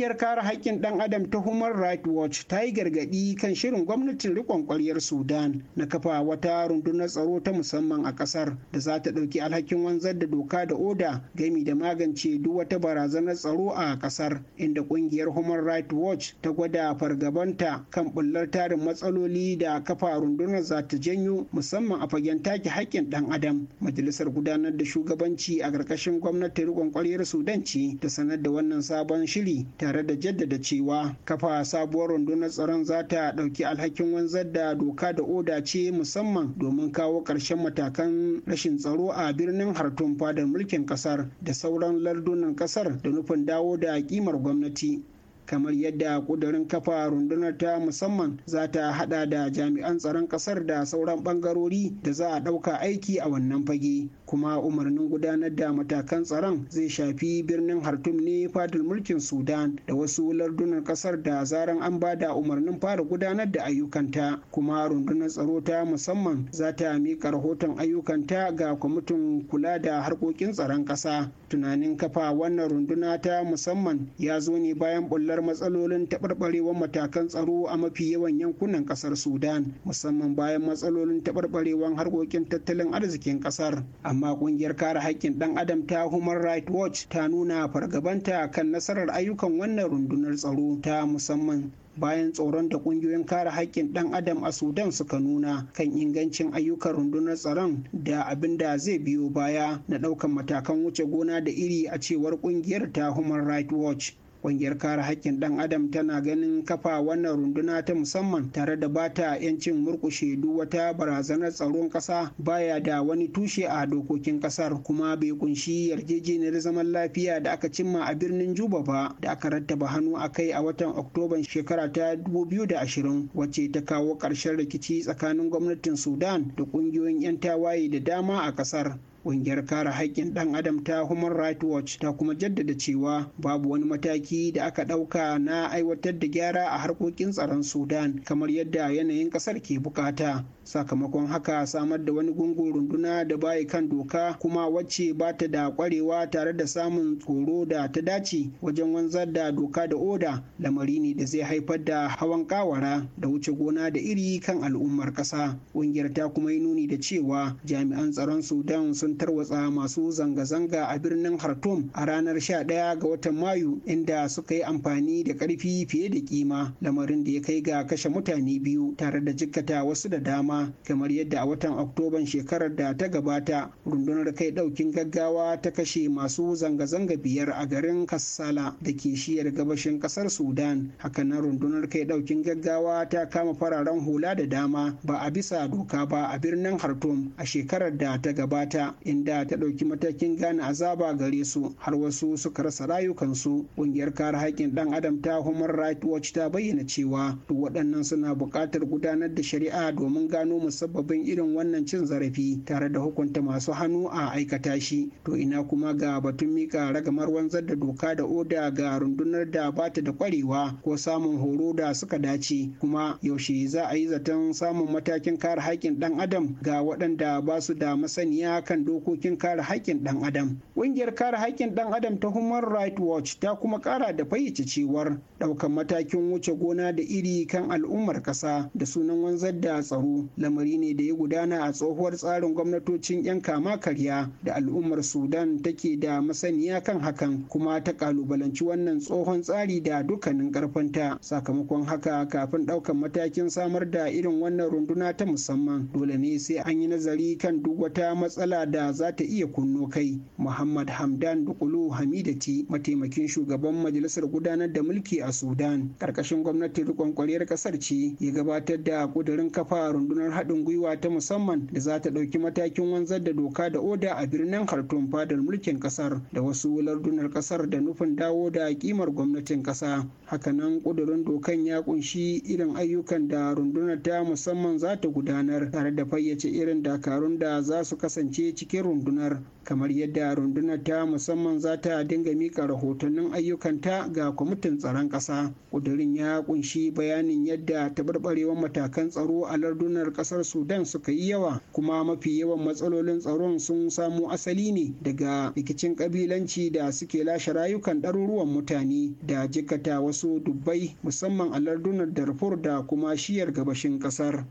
Ƙungiyar kare haƙƙin ɗan adam ta Human Rights Watch ta yi gargaɗi kan shirin gwamnatin riƙon ƙwaryar Sudan na kafa wata rundunar tsaro ta musamman a ƙasar da za ta ɗauki alhakin wanzar da doka da oda gami da magance duk wata barazanar tsaro a ƙasar inda ƙungiyar Human Rights Watch ta gwada fargabanta kan bullar tarin matsaloli da kafa rundunar za ta janyo musamman a fagen take haƙƙin ɗan adam. Majalisar gudanar da shugabanci a ƙarƙashin gwamnatin riƙon ƙwaryar Sudan ce ta sanar da wannan sabon shiri ta tare da jaddada cewa kafa sabuwar rundunar tsaron za ta ɗauki alhakin wanzar da doka da oda ce musamman domin kawo ƙarshen matakan rashin tsaro a birnin hartun fadar mulkin ƙasar da sauran lardunan ƙasar da nufin dawo da kimar gwamnati kamar yadda kudurin kafa rundunar ta musamman za ta hada da jami'an tsaron kasar da sauran bangarori da za a dauka aiki a wannan fage kuma umarnin gudanar da matakan tsaron zai shafi birnin hartum ne fadin mulkin sudan da wasu lardunan kasar da zaran an ba da umarnin fara gudanar da ayyukanta kuma rundunar tsaro ta musamman za ta miƙa rahoton ayyukanta ga kwamitin kula da harkokin tsaron ƙasa tunanin kafa wannan runduna ta musamman ya zo ne bayan bullar fuskantar matsalolin taɓarɓarewar matakan tsaro a mafi yawan yankunan ƙasar sudan musamman bayan matsalolin taɓarɓarewar harkokin tattalin arzikin ƙasar amma ƙungiyar kare haƙƙin ɗan adam ta human right watch ta nuna fargabanta kan nasarar ayyukan wannan rundunar tsaro ta musamman bayan tsoron da ƙungiyoyin kare haƙƙin ɗan adam a sudan suka nuna kan ingancin ayyukan rundunar tsaron da abin da zai biyo baya na ɗaukan matakan wuce gona da iri a cewar ƙungiyar ta human right watch ƙungiyar kare haƙƙin ɗan adam tana ganin kafa wannan runduna ta musamman tare da bata yancin murƙushe duk wata barazanar tsaron ƙasa baya da wani tushe a dokokin ƙasar kuma bai kunshi yarjejeniyar zaman lafiya da aka cimma a birnin juba ba da aka rattaba hannu a kai a watan oktoban shekara ta 2020 wacce ta kawo ƙarshen rikici tsakanin gwamnatin sudan da ƙungiyoyin 'yan tawaye da dama a ƙasar ƙungiyar kare haƙƙin ɗan adam ta human rights watch ta kuma jaddada cewa babu wani mataki da aka ɗauka na aiwatar da gyara a harkokin tsaron sudan kamar yadda yanayin ƙasar ke bukata sakamakon haka samar da wani gungun runduna da baya kan doka kuma wacce ba ta da ƙwarewa tare da samun tsoro da ta dace wajen wanzar da doka da oda lamari ne da zai haifar da hawan kawara da wuce gona da iri kan al'ummar ƙasa ƙungiyar ta kuma yi nuni da cewa jami'an tsaron sudan sun sun tarwatsa masu zanga-zanga a birnin Khartoum a ranar 11 ga watan Mayu inda suka yi amfani da ƙarfi fiye da kima lamarin da ya kai ga kashe mutane biyu tare da jikkata wasu da dama kamar yadda a watan Oktoban shekarar da ta gabata rundunar kai ɗaukin gaggawa ta kashe masu zanga-zanga biyar a garin Kassala da ke shiyar gabashin ƙasar Sudan hakanan rundunar kai ɗaukin gaggawa ta kama fararen hula da dama ba a bisa doka ba a birnin Khartoum a shekarar da ta gabata inda ta ɗauki matakin gane azaba gare su har wasu suka rasa rayukansu ƙungiyar kare haƙƙin ɗan adam ta human rights watch ta bayyana cewa duk waɗannan suna buƙatar gudanar da shari'a domin gano musabbabin irin wannan cin zarafi tare da hukunta masu hannu a aikata shi to ina kuma ga batun mika ragamar wanzar da doka da oda ga rundunar da bata da kwarewa ko samun horo da suka dace kuma yaushe za a yi zaton samun matakin kare haƙƙin ɗan adam ga waɗanda ba su da masaniya kan dokokin kare haƙƙin ɗan adam ƙungiyar kare haƙƙin ɗan adam ta human rights watch ta kuma ƙara da fayyace cewar ɗaukan matakin wuce gona da iri kan al'ummar ƙasa da sunan wanzar da tsaro lamari ne da ya gudana a tsohuwar tsarin gwamnatocin 'yan kama karya da al'ummar sudan take da masaniya kan hakan kuma ta ƙalubalanci wannan tsohon tsari da dukkanin ƙarfinta sakamakon haka kafin ɗaukan matakin samar da irin wannan runduna ta musamman dole ne sai an yi nazari kan duk wata matsala da da za ta iya kunno kai muhammad hamdan dukulu hamidati mataimakin shugaban majalisar gudanar da mulki a sudan karkashin gwamnatin rikon kwaliyar kasar ce ya gabatar da kudurin kafa rundunar haɗin gwiwa ta musamman da za ta ɗauki matakin wanzar da doka da oda a birnin khartoum fadar mulkin kasar da wasu lardunar kasar da nufin dawo da kimar gwamnatin kasa hakanan kudurin dokan ya kunshi irin ayyukan da rundunar ta musamman za ta gudanar tare da fayyace irin dakarun da za su kasance cikin cikin rundunar kamar yadda rundunar ta musamman za ta dinga mika rahotannin ayyukanta ga kwamitin tsaron ƙasa ƙudurin ya kunshi bayanin yadda taɓarɓarewar matakan tsaro a lardunar ƙasar sudan suka yi yawa kuma mafi yawan matsalolin tsaron sun samo asali ne daga rikicin ƙabilanci da suke lashe rayukan ɗaruruwan mutane da jikata wasu dubbai musamman a lardunar darfur da kuma shiyar gabashin ƙasar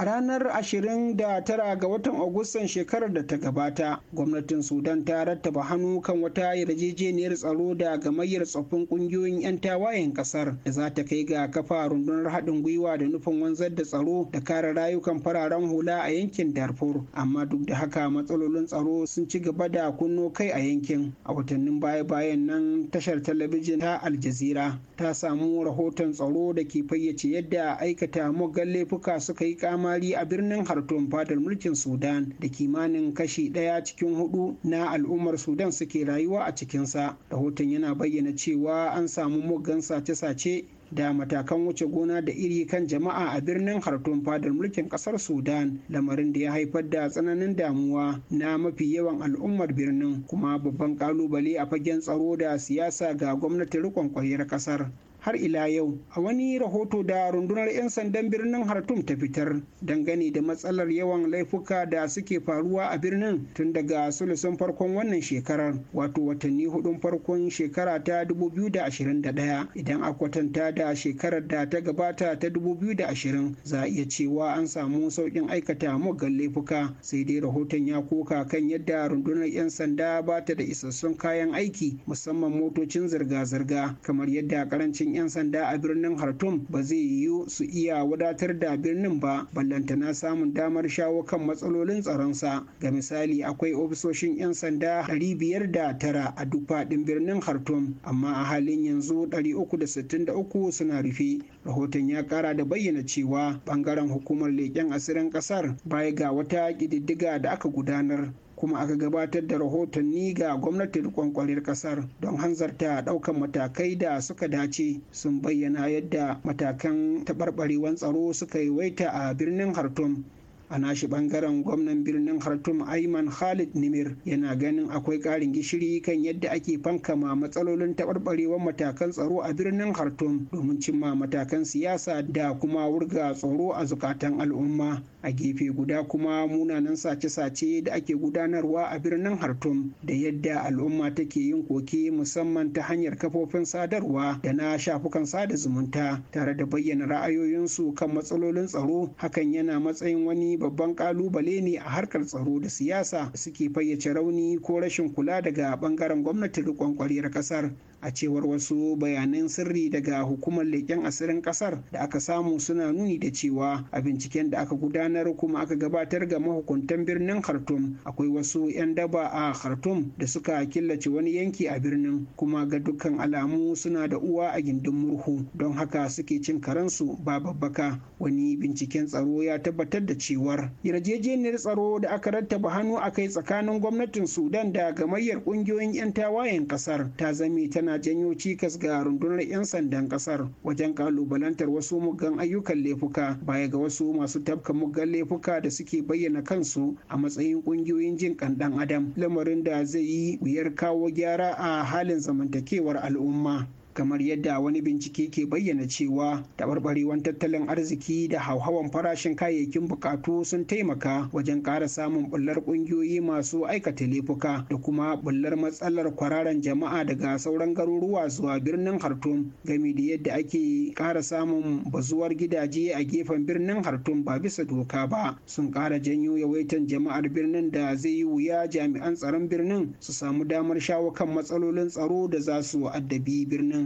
a ranar 29 ga watan agustan shekarar da ta gabata gwamnatin sudan ta rattaba hannu kan wata yarjejeniyar tsaro da gamayyar tsoffin kungiyoyin 'yan tawayen kasar da za ta kai ga kafa rundunar haɗin gwiwa da nufin wanzar da tsaro da kare rayukan fararen hula a yankin darfur amma duk da haka matsalolin tsaro sun ci gaba da kunno kai a yankin a watannin baya-bayan nan tashar talabijin ta Aljazira. ta samu rahoton tsaro da ke fayyace yadda aikata muggan laifuka suka yi kama kamari a birnin Khartoum fadar mulkin Sudan da kimanin kashi ɗaya cikin hudu na al'ummar Sudan suke rayuwa a cikinsa. Rahoton yana bayyana cewa an samu muggan sace-sace da matakan wuce gona da iri kan jama'a a birnin Khartoum fadar mulkin kasar Sudan lamarin da ya haifar da tsananin damuwa na mafi yawan al'ummar birnin kuma babban kalubale a fagen tsaro da siyasa ga gwamnatin rikon kwaryar kasar har ila yau a wani rahoto da rundunar 'yan sandan birnin hartum ta fitar dangane da matsalar yawan laifuka da suke faruwa a birnin tun daga sulusun farkon wannan shekarar wato watanni hudun farkon shekara ta 2021 idan a kwatanta da shekarar da ta gabata ta 2020 za a iya cewa an samu sauƙin aikata mugan laifuka sai dai rahoton ya koka kan yadda rundunar 'yan sanda ba ta da isassun kayan aiki musamman motocin zirga-zirga kamar yadda karancin aikin 'yan sanda a birnin Khartoum ba zai yiwu su iya wadatar da birnin ba ballantana samun damar shawo kan matsalolin tsaronsa ga misali akwai ofisoshin 'yan sanda da 509 a duk faɗin birnin Khartoum amma a halin yanzu 363 suna rufe rahoton ya kara da bayyana cewa bangaren hukumar leƙen asirin ƙasar baya ga wata ƙididdiga da aka gudanar kuma aka gabatar da rahotanni ga gwamnatin kwankwalir kasar don hanzarta daukan matakai da suka dace sun bayyana yadda matakan taɓarɓarewan tsaro suka yi waita a birnin hartum a nashi bangaren gwamnan birnin hartum ayman khalid nimir yana ganin akwai ƙarin gishiri kan yadda ake fankama matsalolin taɓarɓarewar matakan tsaro a birnin hartum domin cimma matakan siyasa da kuma wurga tsaro a zukatan al'umma a gefe guda kuma munanan sace-sace da ake gudanarwa a birnin hartum da yadda al'umma take yin koke musamman ta hanyar kafofin sadarwa da na shafukan sada zumunta tare da bayyana ra'ayoyinsu kan matsalolin tsaro hakan yana matsayin wani babban kalubale ne a harkar tsaro da siyasa suke fayyace rauni ko rashin kula daga bangaren gwamnatin riƙon ƙwaryar ƙasar a cewar wasu bayanan sirri daga hukumar leƙen asirin ƙasar da aka samu suna nuni da cewa a binciken da aka gudanar kuma aka gabatar ga mahukuntan birnin khartoum akwai wasu 'yan daba a khartoum da suka killace wani yanki a birnin kuma ga dukkan alamu suna da uwa a gindin murhu don haka suke cin karensu ba babbaka wani binciken tsaro ya tabbatar da cewar yarjejeniyar tsaro da aka rattaba hannu a kai tsakanin gwamnatin sudan da gamayyar ƙungiyoyin 'yan tawayen ƙasar ta zame tana na janyo cikas ga rundunar 'yan sandan kasar wajen kalubalantar wasu muggan ayyukan laifuka baya ga wasu masu tafka muggan laifuka da suke bayyana kansu a matsayin kungiyoyin jin kan dan adam lamarin da zai yi wuyar kawo gyara a halin zamantakewar al'umma kamar yadda wani bincike ke bayyana cewa taɓarɓarewan tattalin arziki da hauhawan farashin kayayyakin bukatu sun taimaka wajen ƙara samun bullar ƙungiyoyi masu aikata laifuka da kuma bullar matsalar kwararan jama'a daga sauran garuruwa zuwa birnin hartum gami da yadda ake ƙara samun bazuwar gidaje a gefen birnin hartum ba bisa doka ba sun ƙara janyo yawaitan jama'ar birnin da zai yi wuya jami'an tsaron birnin su samu damar shawo kan matsalolin tsaro da za su addabi birnin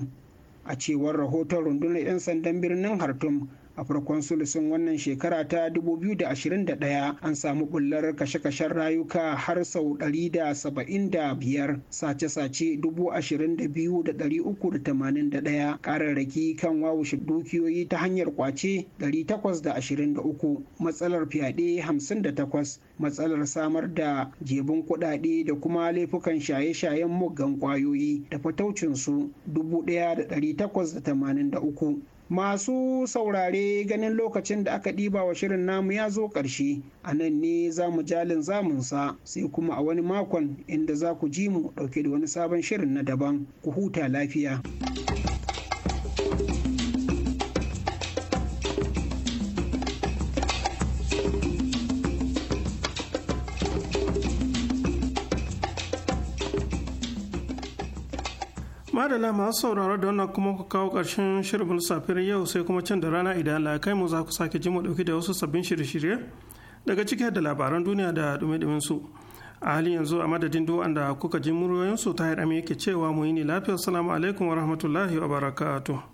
a cewar rahoton rundunar 'yan sandan birnin hartum a farkon sulsun wannan shekara ta 2021 an samu bullar kashe-kashen rayuka har sau 175 sace-sace 22,381 kararraki kan wawushe dukiyoyi ta hanyar kwace 823 matsalar fyaɗe 58 matsalar samar da jebin kuɗaɗe da kuma laifukan shaye-shayen muggan kwayoyi da fataucinsu 1883 Masu saurare ganin lokacin da aka ɗiba wa shirin namu ya zo ƙarshe, a nan ne za mu jalin zamunsa sai kuma a wani makon inda za ku ji mu ɗauke da wani sabon shirin na daban, ku huta lafiya. madala masu sauraro da wannan kuma ku kawo ƙarshen shirin safiyar yau sai kuma can da rana idan Allah kai mu za ku sake ji mu dauki da wasu sabbin shirye-shirye daga cike da labaran duniya da dumi-dumin su a halin yanzu a madadin duk da kuka ji muryoyin su ta yadda yake cewa mu yi ni lafiya assalamu alaikum wa rahmatullahi wa barakatuh